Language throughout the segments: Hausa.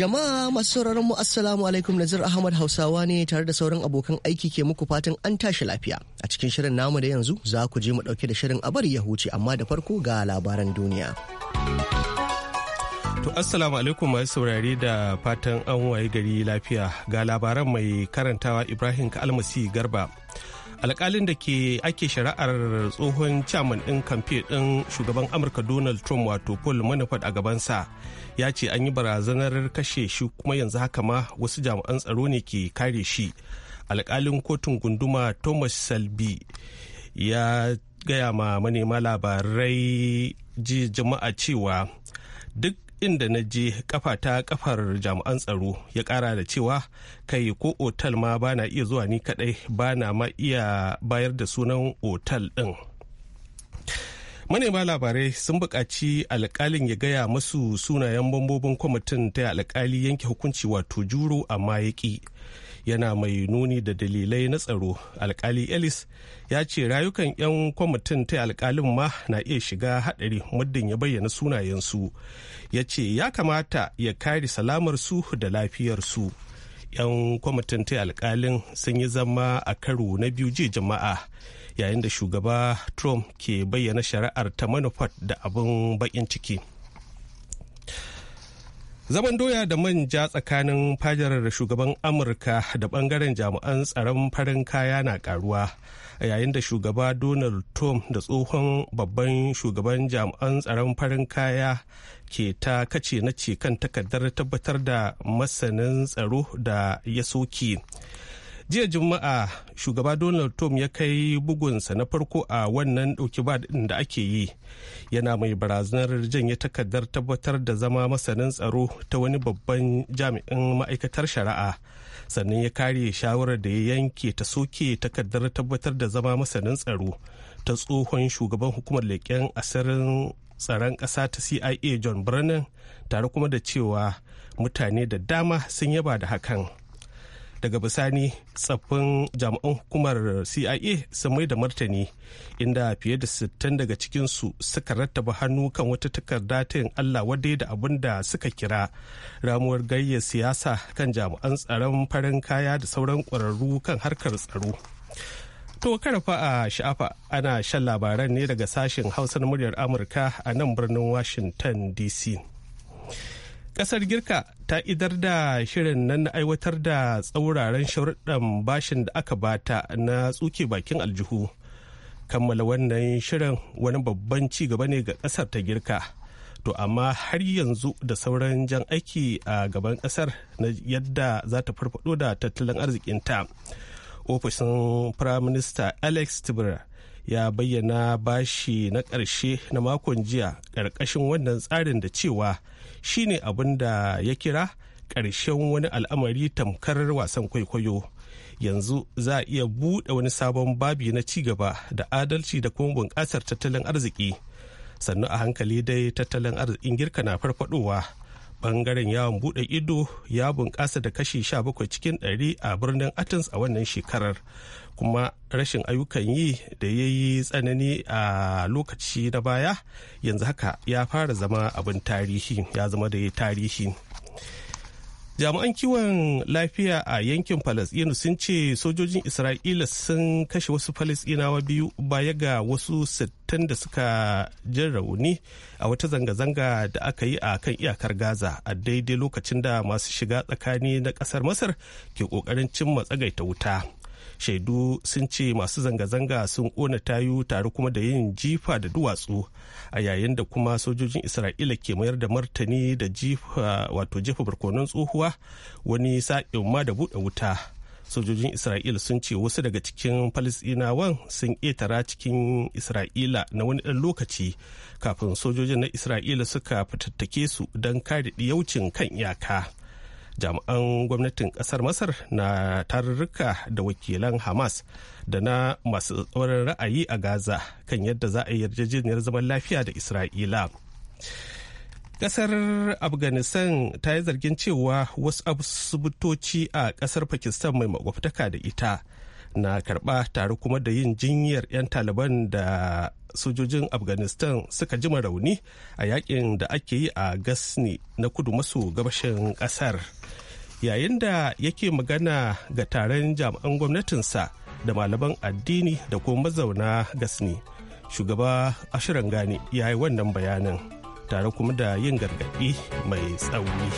Jama'a masu sauraron mu Assalamu alaikum Nazir Ahmad Hausawa ne tare da sauran abokan aiki ke muku fatan an tashi lafiya. A cikin shirin namu da yanzu za ku je mu dauke da shirin abar ya huce amma da farko ga labaran duniya. To Assalamu alaikum masu saurari da fatan an waye gari lafiya ga labaran mai karantawa Ibrahim Kalmasi Garba. alkalin da ke ake shari'ar tsohon chairman ɗin kamfe ɗin shugaban amurka donald trump wato paul manafort a gabansa ya ce an yi barazanar kashe shi kuma yanzu haka ma wasu jami'an tsaro ne ke kare shi alkalin kotun gunduma thomas salbi ya gaya ma manema labarai ji jama'a cewa duk inda na je kafa ta kafar jami'an tsaro ya kara da cewa kai ko otal ma bana iya zuwa ni kadai bana ma iya bayar da sunan otal din manema labarai sun buƙaci alkalin ya gaya masu sunayen bambobin kwamitin ta alƙali yanke hukunci wato juro amma ya ki yana mai nuni da dalilai na tsaro alkali ellis ya ce rayukan 'yan kwamitin ta alkalin ma na iya shiga hadari muddin ya bayyana sunayensu ya ce ya kamata ya kare salamarsu da lafiyarsu 'yan kwamitin ta alkalin sun yi zama a karo na biyu jiya jama'a yayin da shugaba trump ke bayyana shari'ar ta manufar da abin bakin ciki. zaman doya da manja tsakanin fadarar shugaban amurka da bangaren jami'an tsaron farin kaya na karuwa a yayin da shugaba donald trump da tsohon babban shugaban jami'an tsaron farin kaya ke ta kace na ce kan takardar tabbatar da masanin tsaro da ya soke jiya juma'a shugaba donald trump ya kai bugunsa na farko a wannan ɗauki ba da ake yi yana mai barazanar janye takardar tabbatar da zama masanin tsaro ta wani babban jami'in ma'aikatar shari'a sannan ya kare shawarar da ya yanke ta soke takardar tabbatar da zama masanin tsaro ta tsohon shugaban hukumar leƙen asirin tsaron ƙasa ta cia john brennan tare kuma da cewa mutane da dama sun yaba da hakan daga bisani tsaffin jami'an hukumar cia sun mai da martani inda fiye da 60 daga cikinsu suka rattaba hannu kan wata takarda ta yin allah wadai da abin da suka kira ramuwar gayya siyasa kan jami'an tsaron farin kaya da sauran ƙwararru kan harkar tsaro to karfa a sha'afa ana shan labaran ne daga sashen hausa na muryar amurka a nan birnin washington dc kasar girka ta idar da shirin nan na aiwatar da tsauraran sharuɗan bashin da aka bata na tsuke bakin aljihu kammala wannan shirin wani babban ci gaba ne ga kasar ta girka to amma har yanzu da sauran jan aiki a gaban kasar na yadda za ta farfado da tattalin arzikinta ofishin firaminista alex tibera ya bayyana bashi na ƙarshe na makon jiya ƙarƙashin wannan tsarin da cewa shine abin da ya kira ƙarshen wani al'amari tamkar wasan kwaikwayo yanzu za a iya buɗe wani sabon babi na cigaba da adalci da kuma bunƙasar tattalin arziki sannu a hankali dai tattalin arzikin girka na farfadowa bangaren yawon buɗe ido ya bunƙasa da kashi 17 cikin 100 a birnin athens a wannan shekarar kuma rashin ayyukan yi da ya yi tsanani a lokaci na baya yanzu haka ya fara zama abin tarihi ya zama da tarihi jami'an kiwon lafiya a yankin falasɗinu sun ce sojojin isra'ila sun kashe wasu falasdinawa biyu baya ga wasu sittin da suka jin rauni a wata zanga-zanga da aka yi a kan iyakar gaza a daidai lokacin da masu shiga tsakani na kasar masar ke kokarin cimma tsagaita wuta shaidu sun ce masu zanga-zanga sun ƙona tayu tare kuma da yin jifa da duwatsu a yayin da kuma sojojin isra'ila ke mayar da martani da jifa wato jefa barkonon tsohuwa wani sa'in ma da buɗe wuta sojojin isra'ila sun ce wasu daga cikin falisdinawan sun ƙetara cikin isra'ila na wani ɗan lokaci kafin sojojin na isra'ila suka fitattake su don kare ɗiyaucin kan iyaka jami'an gwamnatin kasar masar na tarurruka da wakilan hamas da na masu tsoron ra'ayi a gaza kan yadda za a yarjejeniyar zaman lafiya da isra'ila kasar afghanistan ta yi zargin cewa wasu asibitoci a kasar pakistan mai makwabtaka da ita na karba tare kuma da yin jinyar 'yan taliban da sojojin afghanistan suka jima rauni a yakin da ake yi a gasni na kudu maso gabashin kasar yayin da yake magana ga taron jami'an gwamnatinsa da malaman addini da kuma mazauna gasni shugaba ashirin gani ya yi wannan bayanin tare kuma da yin gargaɗi mai tsauni.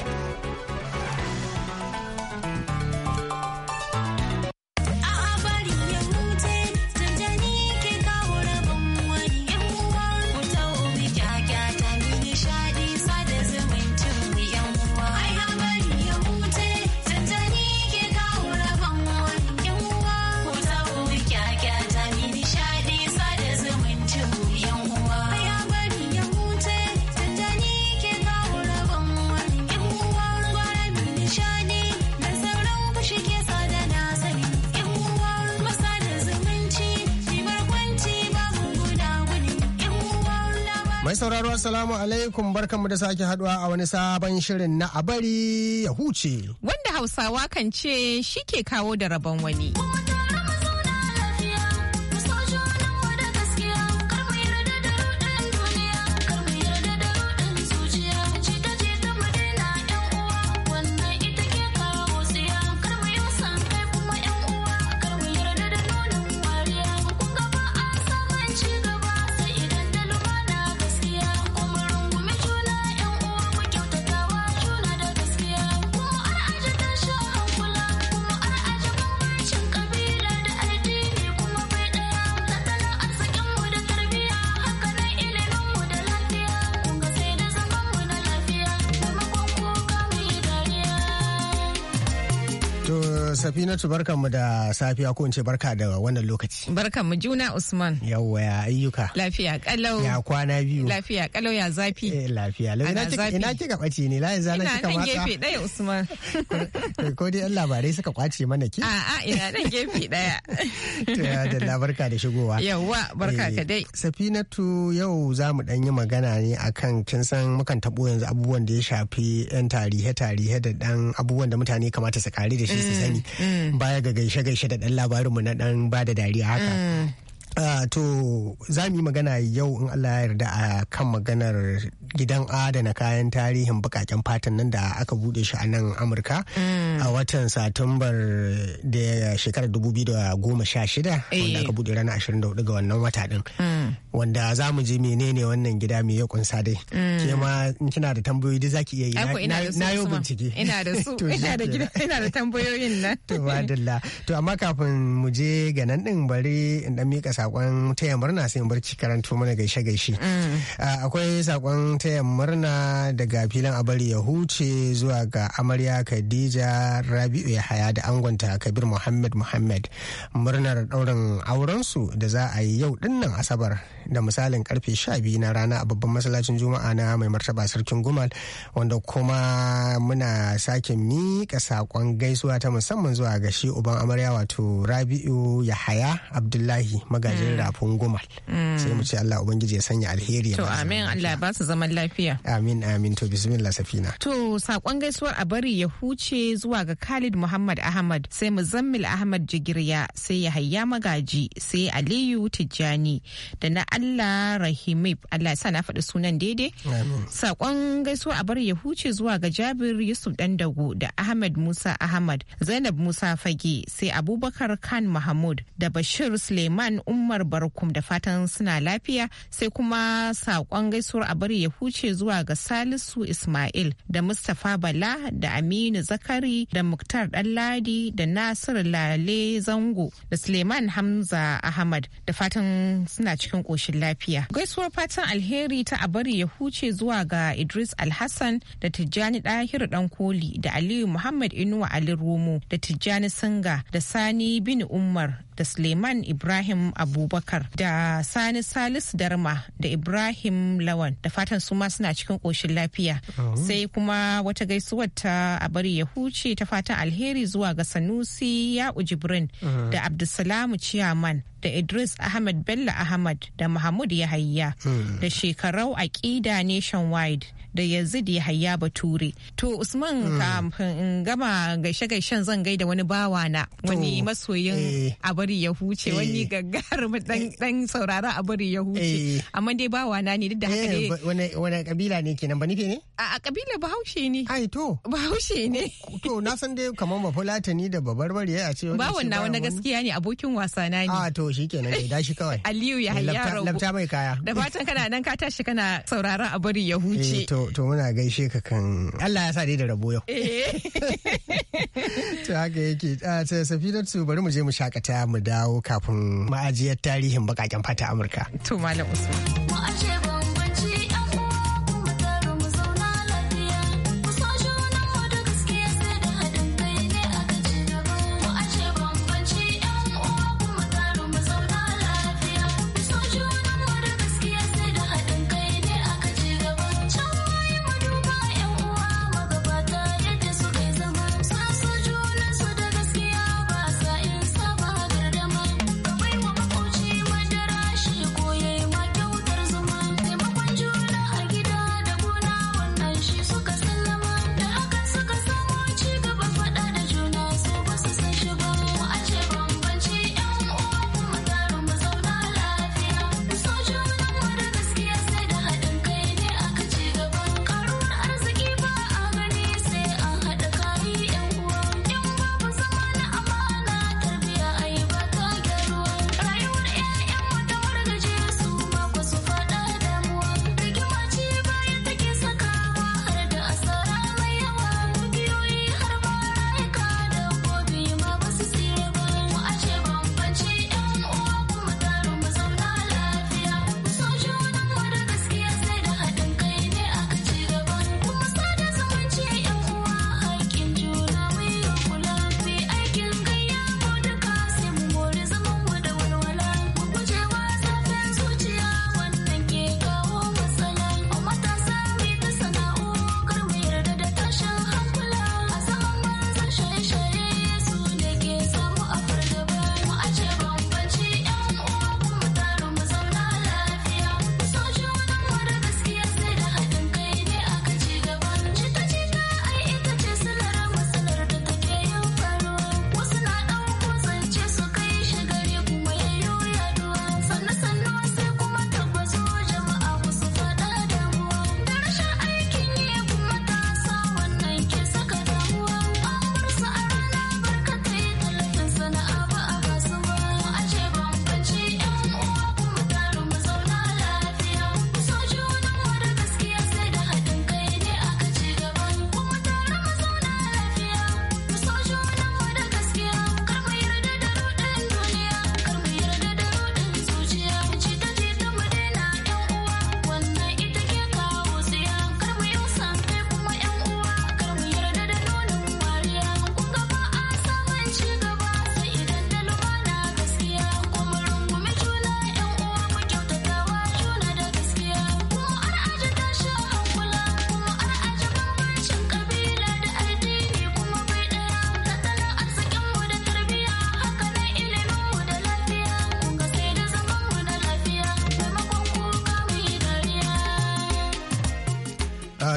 mu da sake haduwa a wani sabon shirin na abari ya huce. Wanda Hausawa kan ce shi ke kawo da rabon wani. Aminatu barkan mu da safiya ko in ce barka da wannan lokaci. Barkan mu juna Usman. Yawwa ya ayyuka. Lafiya kalau. Ya kwana biyu. Lafiya kalau ya zafi. Eh lafiya. Ina zafi. Ina kika kwace ne layin zana kika matsa. Ina nan gefe ɗaya Usman. Ko dai yan labarai suka kwace mana ki. A'a ina nan gefe ɗaya. To ya dalla barka da shigowa. Yawwa barka eh, ka dai. Safinatu yau za mu dan yi magana ne akan kin san mukan tabo yanzu abubuwan da ya shafi yan tarihe tarihe da dan abubuwan da mutane kamata su kare da shi su mm, sani. Mm. Mm. baya ga gaishe-gaishe da ɗan labarinmu na ɗan ba da dariya haka. Uh, to za mu yi magana yau in Allah ya yarda a kan maganar gidan adana kayan tarihin bukaken fatan nan da aka bude shi a nan Amurka mm. a watan Satumbar da shekarar 2016 wanda eh. aka bude ranar 24 ga wannan wata din. wanda za mu je menene wannan gida me ya kunsa dai mm. ke ma kina da tambayoyi da zaki iya yi na yau bincike ina da su ina da da tambayoyin nan to madalla to amma kafin mu je ga nan din bari in dan mika sakon taya murna sai in barci karanto mana gaishe gaishe mm. akwai sakon taya murna daga filin abari ya huce zuwa ga amarya Khadija Rabi'u Yahaya da angonta Kabir Muhammad Muhammad murnar daurin su da za a yi yau dinnan Asabar da misalin karfe 12 na rana a babban masallacin juma'a na mai martaba sarkin gumal wanda kuma muna sake miƙa saƙon gaisuwa ta musamman zuwa ga shi uban amarya wato rabi'u yahaya abdullahi magajin mm. rafin gumal mm. sai mu ce allah ubangiji ya sanya alheri to amin allah ba su zaman lafiya amin amin to bismillah safina to saƙon gaisuwar a bari ya huce zuwa ga khalid muhammad ahmad sai muzammil ahmad jigirya sai yahaya magaji sai aliyu tijjani da na Allah Rahimib Allah sa na faɗi sunan daidai. Sakon gaisuwa a bar ya huce zuwa ga Jabir Yusuf dan Dago da Ahmad Musa Ahmad, Zainab Musa Fage, sai Abubakar Khan Mahmud da Bashir Suleiman Umar Barkum da fatan suna lafiya, sai kuma sakon gaisuwar a bar ya huce zuwa ga Salisu Ismail da Mustapha Bala da Aminu Zakari da Muktar Ɗanladi da Nasiru Lale Zango da Suleiman Hamza Ahmad da fatan suna cikin ƙoshi. ƙoshin lafiya. Gaisuwar fatan alheri ta a ya huce zuwa ga Idris Alhassan da Tijjani Ɗahiru Ɗan Koli da Aliyu Muhammad Inuwa Ali Romo da Tijjani Singa da Sani Bin Umar da Suleiman Ibrahim Abubakar da Sani Salis Darma da Ibrahim Lawan da fatan su ma suna cikin koshin lafiya. Sai kuma wata gaisuwar ta a bari ya huce ta fatan alheri zuwa ga Sanusi ya Jibrin da Abdulsalamu Ciyaman da Idris Ahmed Bello ahmed. da Mahmud Yahaya da shekarau aƙida nationwide da Yazid Yahaya Bature. To Usman kafin in gama gaishe-gaishen zan gaida wani bawa na wani masoyin eh. abar bari ya huce eh. wani gagarumin dan eh. saurara a bari ya huce eh. amma dai ba wana ne duk da haka ne wani kabila ne kenan ba nufe ne a kabila bahaushe ne ai to bahaushe ne to na san dai kamar ba fulatani da babarbare a ce ba wannan wani gaskiya ne abokin wasa na ne a ah, to shikenan da dashi kawai aliyu ya hayya labta mai kaya da fatan kana nan ka tashi kana saurara a bari ya huce to to muna gaishe ka kan Allah ya sa dai da rabo yau to haka yake ah, a su bari mu je mu shakata mu dawo kafin ma'ajiyar tarihin bakaken fata Amurka. To Malam Usman.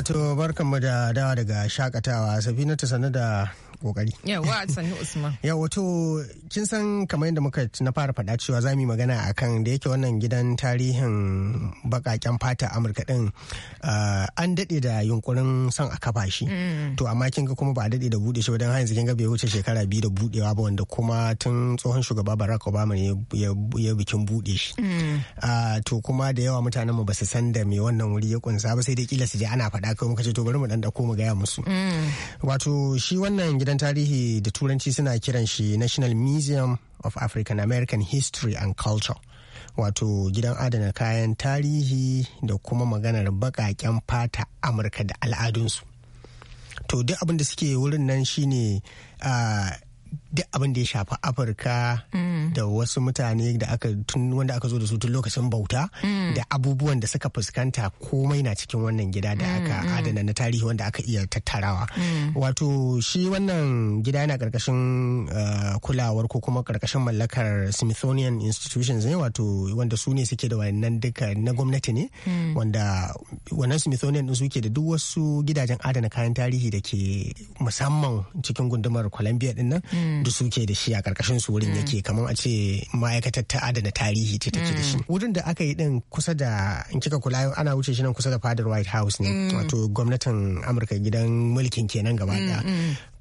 to barkanmu da dawa daga shakatawa safina ta sanar da kokari yawa sannu usman yawa to kin san kamar yadda muka na fara fada cewa za mu yi magana akan da yake wannan gidan tarihin bakaken fata amurka din ah, an daɗe da yunkurin son a kafa shi mm. to amma kin ga kuma ba a daɗe da buɗe shi ba don har yanzu kin ga bai wuce shekara biyu da buɗewa ba wanda kuma tun tsohon shugaba barack obama ne ya bikin buɗe shi mm. ah, to kuma da yawa mutanen mu ba su san da me wannan wuri ya kunsa ba sai dai kila su je ana fada kai muka ce to bari mu dan mu gaya musu mm. wato shi wannan gidan gidan tarihi da turanci suna kiran shi national museum of african american history and culture wato gidan adana kayan tarihi da kuma maganar baƙaƙen fata amurka da al'adunsu to duk abin da suke wurin nan shine ah, duk abin da ya shafi afirka da wasu mutane da aka tun wanda aka zo da su tun lokacin bauta da abubuwan da suka fuskanta komai na cikin wannan gida da aka mm, mm, mm. adana na tarihi wanda aka iya tattarawa wato shi wannan gida yana karkashin uh, kulawar ko kuma karkashin mallakar smithsonian institutions ne wato wanda su ne suke da wannan duka na gwamnati ne wanda wannan smithsonian din suke da duk wasu gidajen adana kayan tarihi da ke musamman cikin gundumar columbia din nan da suke da shi a karkashin su wurin mm. yake kamar a ce ma'aikatar ta adana tarihi ce take da shi mm. wurin da aka yi din kusa da in kika kula ana wuce shi nan kusa da fadar white house ne mm. wato gwamnatin amurka gidan mulkin kenan gaba daya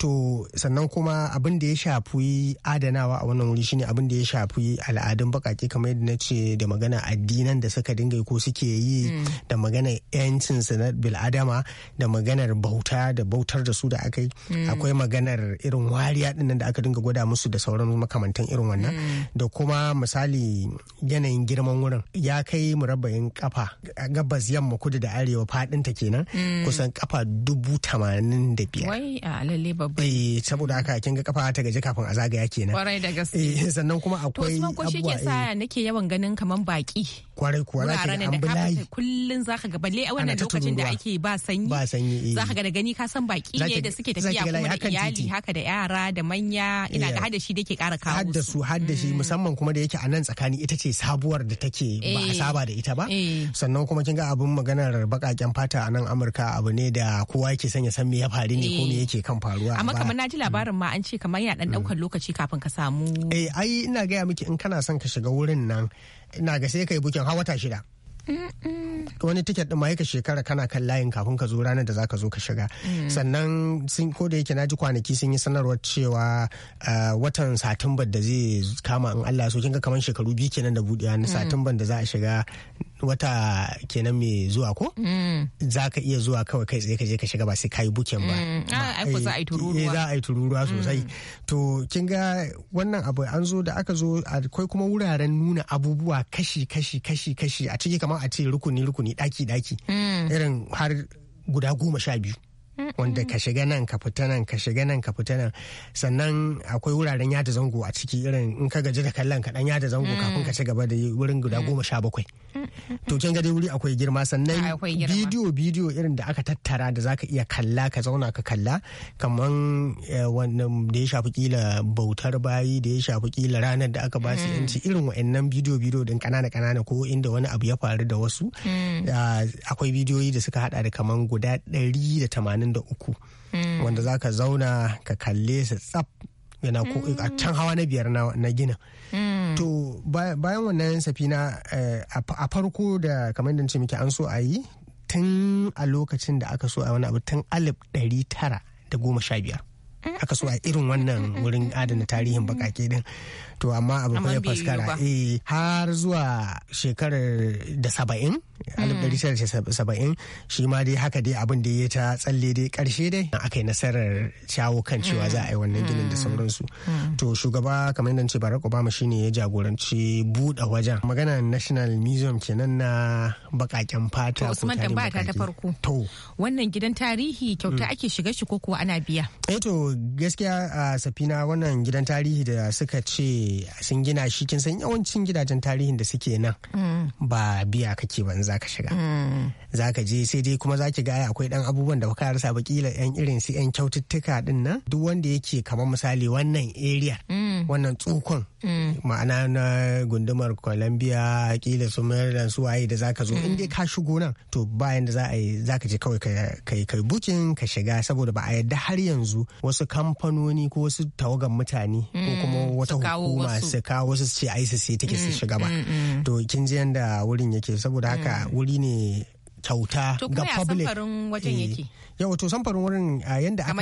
to sannan kuma abin da ya shafi adanawa a wannan wuri shine abin da ya shafi al'adun bakake kamar yadda na ce da magana addinan da suka dinga ko suke yi mm. da magana yancin na bil'adama da maganar bauta da bautar da su da aka yi mm. akwai maganar irin wariya dinnan da aka dinga gwada musu da sauran makamantan irin wannan mm. da kuma misali yanayin girman wurin ya kai murabba'in kafa gabas yamma kudu da arewa fadinta kenan kusan kafa dubu tamanin da biyar. eh saboda haka kin ga kafa ta gaji kafin a zagaya kenan kwarai da gaske eh, sannan kuma akwai abuwa. to ko ke sa eh. nake yawan ganin kaman baki kwarai kuwa zaka an bulayi kullun zaka ga balle a wannan lokacin da ake ba sanyi ba sanyi eh. zaka ga da gani ka san baki ne da suke tafiya kuma da iyali haka da yara da manya ina ga hada shi da ke kara kawo hadda su hadda shi mm. musamman kuma da yake a nan tsakani ita ce sabuwar da take ba a saba da ita ba sannan kuma kin ga abun maganar bakaken fata a nan Amurka abu ne da kowa yake sanya san me ya faru ne ko me yake kan faruwa amma kamar na ji labarin ma an ce kamar yana dan daukar mm. lokaci kafin ka samu eh ai ina gaya miki in kana son ka shiga wurin nan ina ga sai kai bukin har wata shida wani tiket ɗin ma shekara kana kan layin kafin ka zo ranar da za ka zo ka shiga mm. sannan sun ko da yake na ji kwanaki sun yi sanarwar cewa eh, watan satumbar da zai kama in Allah so kinga kamar shekaru biyu kenan da buɗe na mm. satumbar da za a shiga wata kenan mai zuwa ko mm. za ka iya zuwa kawai kai tsaye ka je ka shiga ba sai ka yi bukin ba ah, za a yi tururuwa eh, sosai to kin ga wannan abu an zo da aka zo akwai kuma wuraren nuna abubuwa kashi kashi kashi kashi a ciki kamar kamar a ce rukuni rukuni daki daki hmm. irin har guda goma sha biyu wanda ka shiga nan ka fita nan ka shiga nan ka fita nan sannan akwai wuraren yada zango a ciki irin in ka gaji da kallon ka dan yada zango kafin ka mm. ci gaba da wurin guda mm. goma sha bakwai to kin ga wuri akwai girma sannan bidiyo bidiyo irin da aka tattara da zaka iya kalla ka zauna ka kalla kaman eh, wannan da ya shafi kila bautar bayi da ya shafi kila ranar da aka ba su mm. yanci irin wa'annan bidiyo bidiyo din kanana kanana ko inda wani abu ya faru da wasu ah, akwai bidiyoyi da suka hada da kaman guda ɗari da tamanin 83 mm. wanda zaka zauna ka kalle su tsaf yana ko mm. a can hawa na biyar na gina mm. to bayan wannan safina eh, a farko da kamar da ce muke an so a yi tun a lokacin da aka so a wani abu tun alif ɗari tara da goma sha biyar aka so a irin wannan wurin adana tarihin bakake din to amma abu ya faskara eh, har zuwa shekarar da saba'in alif da saba'in shi ma dai haka dai abin da ya ta tsalle dai karshe dai aka yi nasarar shawo kan cewa za a yi wannan ginin da mm. sauransu mm. to shugaba kamar yadda ce barack obama shine ya jagoranci buɗe wajen magana national museum kenan na bakaken fata ko tarin bakaki ta farko to wannan gidan tarihi kyauta mm. ake shiga shi ko kuwa ana biya eh to gaskiya a ah, safina wannan gidan tarihi da suka ce sun gina shi kin san yawancin gidajen tarihin da suke nan mm. ba biya kake ban za ka shiga mm. za ka je sai dai kuma za ki gaya akwai dan abubuwan da kuka rasa bakila yan irin su yan kyaututtuka din nan duk wanda yake kamar misali wannan area mm. Mm. wannan tsukon mm. ma'ana na gundumar columbia kila su mayar da su waye da zaka zo mm. in dai ka shigo nan to bayan da za a yi zaka je kawai kai kai bukin ka shiga saboda ba a yadda har yanzu wasu kamfanoni ko wasu tawagan mutane ko kuma wata hukuma su kawo wasu su ce ai su sai take su shiga ba to kin ji yanda wurin yake saboda haka wuri ne kyauta ga public. to samfarin wajen eh. yake? Yawa to samfarin wurin yanda aka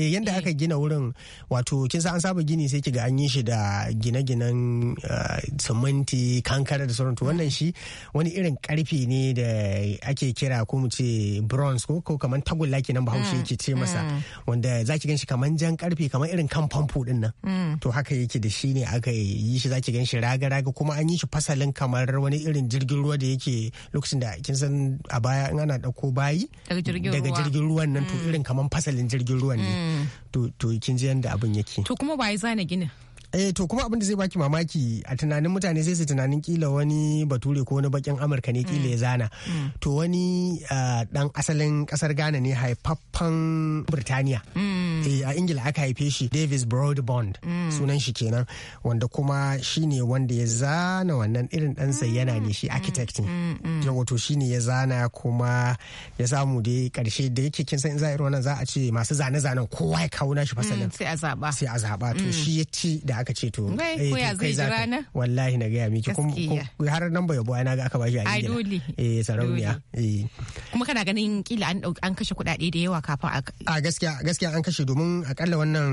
eh, yanda eh. aka gina wurin wato kin san an saba gini sai kiga an yi shi da gine-ginen siminti kankara da sauran to wannan shi wani irin karfe ne da ake kira ko mu ce bronze ko kaman tagulla kenan Bahaushe mm. yake ce masa mm. wanda zaki ganshi kaman jan karfe kaman irin kan famfo din nan. Mm. To haka yake da shi ne aka yi shi zaki ganshi raga-raga kuma an yi shi fasalin kamar wani irin jirgin ruwa da yake lokacin da kin san baya in ana ɗauko bayi daga jirgin ruwan nan to mm. irin kaman fasalin jirgin ruwan ne mm. to kin ji yadda abin yake to kuma waye zane ginin eh to kuma abin da zai baki mamaki a tunanin mutane sai su tunanin kila wani bature ko wani bakin amurka ne kila ya mm. zana mm. to wani dan ah, asalin kasar ghana ne haifaffen birtaniya mm. eh, a ingila aka haife shi davis broadbond sunan shi kenan wanda kuma shine wanda ya zana wannan irin dan yana ne shi architect ne wato shine ya zana kuma ya samu da karshe da yake kin san in za a irin wannan za a ce masu zane-zanen kowa ya kawo nashi fasalin sai a zaba sai a zaba to shi ya ci da aka ce to eh, kai za ka wallahi na gaya miki har nan bai yabo na ga aka bashi a ingila eh sarauniya eh kuma kana ganin kila an an kashe kuɗaɗe da yawa kafin a gaskiya gaskiya an kashe domin akalla wannan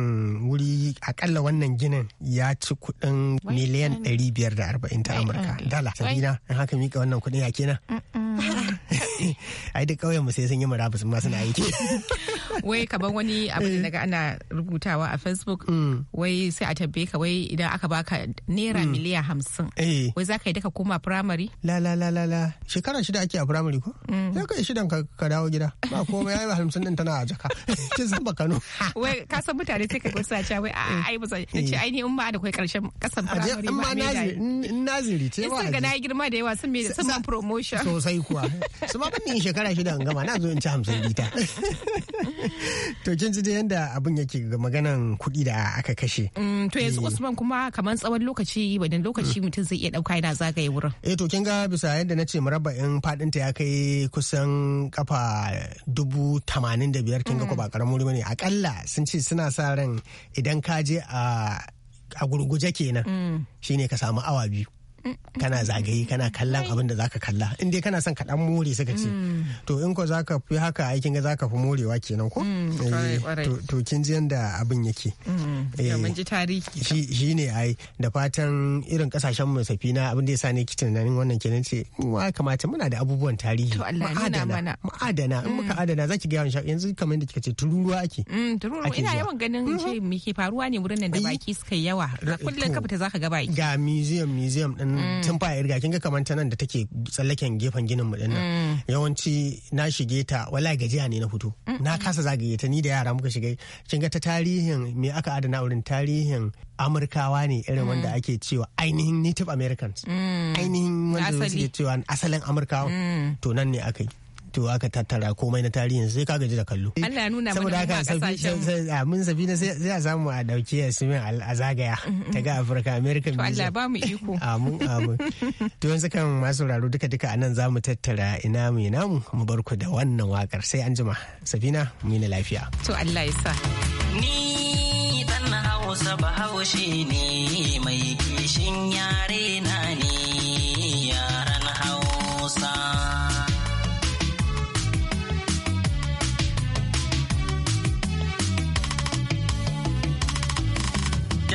wuri akalla wannan ginin ya ci kudin miliyan 540 ta amurka dala sabina in haka mika wannan kudin ya kenan ai da kauyen mu sai sun yi murabus ma suna aiki wai kaban wani abu da daga eh. ana rubutawa a facebook mm. wai sai a tabbe ka wai idan aka baka naira mm. miliyan hamsin eh. wai za ka yi daga koma firamare la la la la shekara shida ake a firamare ko ya mm. kai shidan ka dawo gida ba komai yayi hamsin din tana a jaka ki san ba kano wai ka san mutane sai ka ga suna cewa wai ai ba sai eh. ce ai ni in da kai karshen kasan firamare ma in naziri ce wa ga na girma da yawa sun me sun man promotion sosai kuwa su ma ban shekara shida an gama na zo in ci hamsin bita to kin ji yadda abin yake ga maganan kuɗi da aka kashe mm, to yanzu eh. usman kuma kamar tsawon lokaci wadan lokaci mm. mutum zai iya ɗauka yana zagaye wurin eh to kin ga bisa yadda na ce murabba'in faɗinta ya kai kusan kafa dubu tamanin da biyar kin ga ko mm. ba karamin wuri bane akalla sun ce suna sa ran idan ka je a gurguje kenan shine ka samu awa biyu kana zagaye kana kallon abin da zaka kalla in dai kana son kaɗan more suka ce mm. to in ko zaka fi haka aikin ga zaka fi morewa kenan ko mm, eh, to kin ji yanda abin yake mm, eh, shi ne ai da fatan irin kasashen mu na abin da yasa ne kitin nan wannan kenan ce wa kamata muna da abubuwan tarihi ma'adana ma'adana in muka adana zaki ga yanzu kamar da kika ce tururuwa ake tururuwa ina yawan ganin mm-hmm. ce me ke faruwa ne wurin nan da baki suka yawa kullum ka fita zaka ga baki ga museum museum din Mm. tun fa riga kin ga kamar ta nan da take tsallaken gefen ginin mu dinnan mm. yawanci na shige ta wallahi gajiya ne na fito na kasa zagaye ta ni da yara muka shiga kin ga ta tarihin me aka adana wurin tarihin amurkawa ne irin wanda mm. ake cewa ainihin native americans ainihin wanda suke cewa asalin amurkawa to nan ne akayi. to aka tattara komai na tarihin sai ka gaji da kallo Allah nuna mana haka kasashen mun sabi na sai a samu a dauki Yasmin a zagaya ta ga Afirka American to Allah ba mu iko amin amin to yanzu kan masu raro duka duka a za zamu tattara ina mu ina mu mu bar ku da wannan wakar sai an jima Sabina mu ne lafiya to Allah ya sa ni dan Hausa Bahaushe ne mai kishin yare na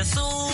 so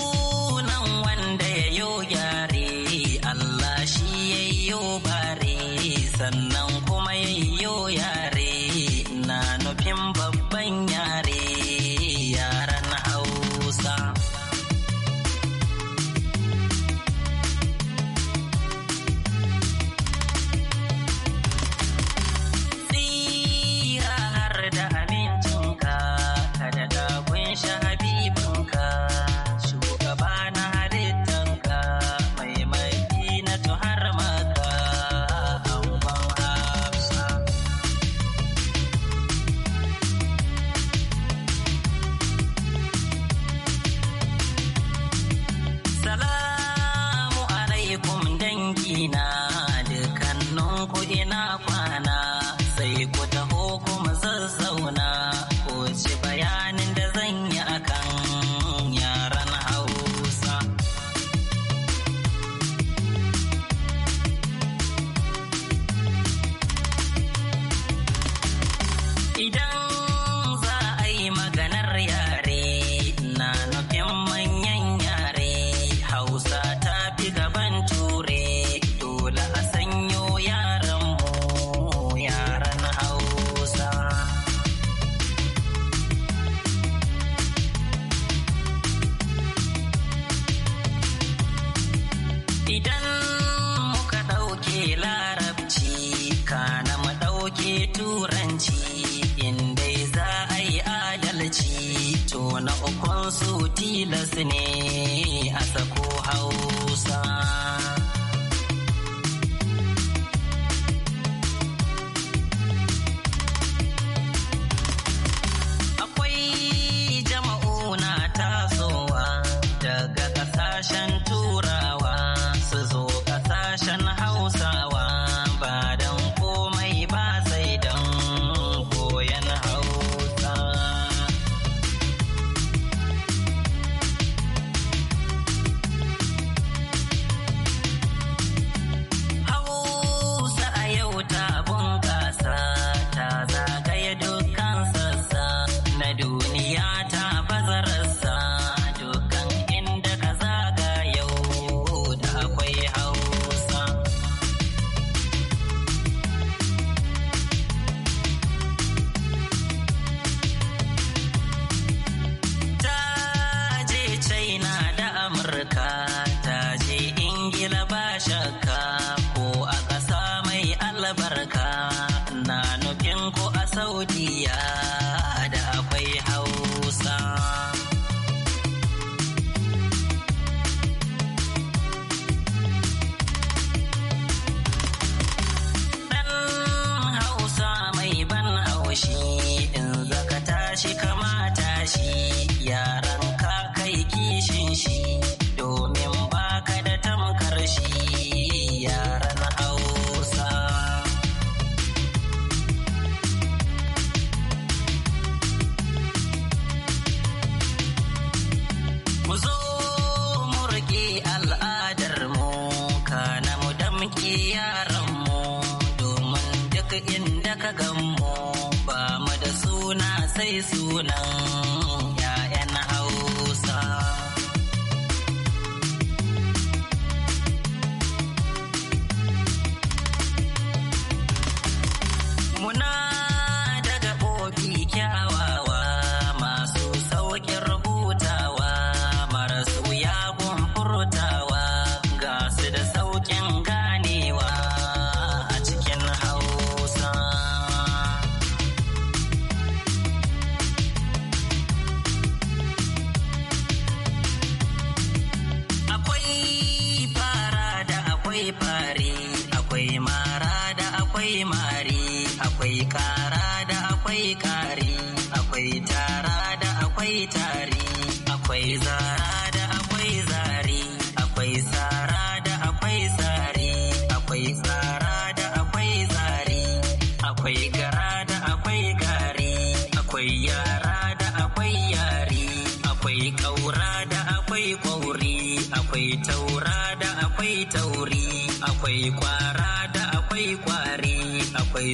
gustar. cika sunan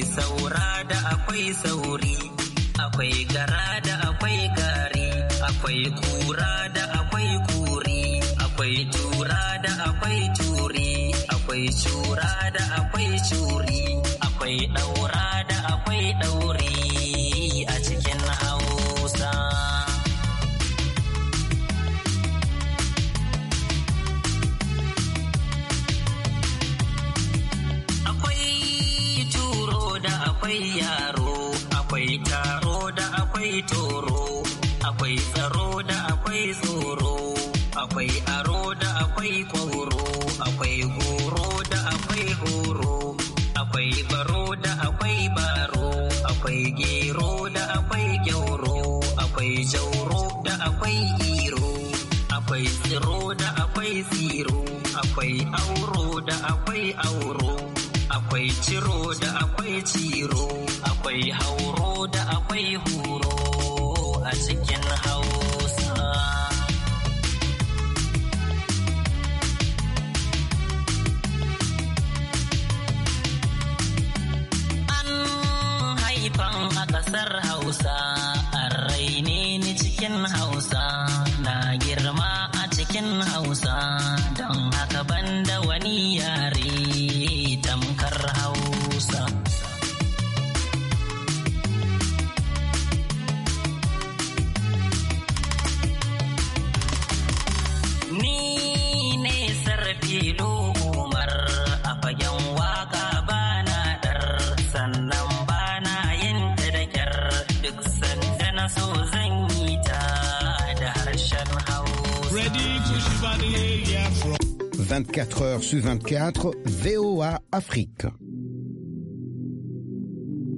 saura da akwai sauri akwai gara da akwai gari akwai kura da akwai kuri akwai tura da akwai turi akwai shura da akwai shuri akwai daura da akwai dauri a cikin hausa akwai yaro akwai taro da akwai toro akwai tsaro da akwai tsoro akwai aro da akwai koro, akwai goro da akwai horo akwai baro da akwai baro akwai gero da akwai gyauro akwai jauro da akwai iro akwai tsiro da akwai tsiro akwai auro da akwai auro akwai ciro da akwai ciro akwai hauro da akwai huro a cikin 4h sur 24, VOA Afrique.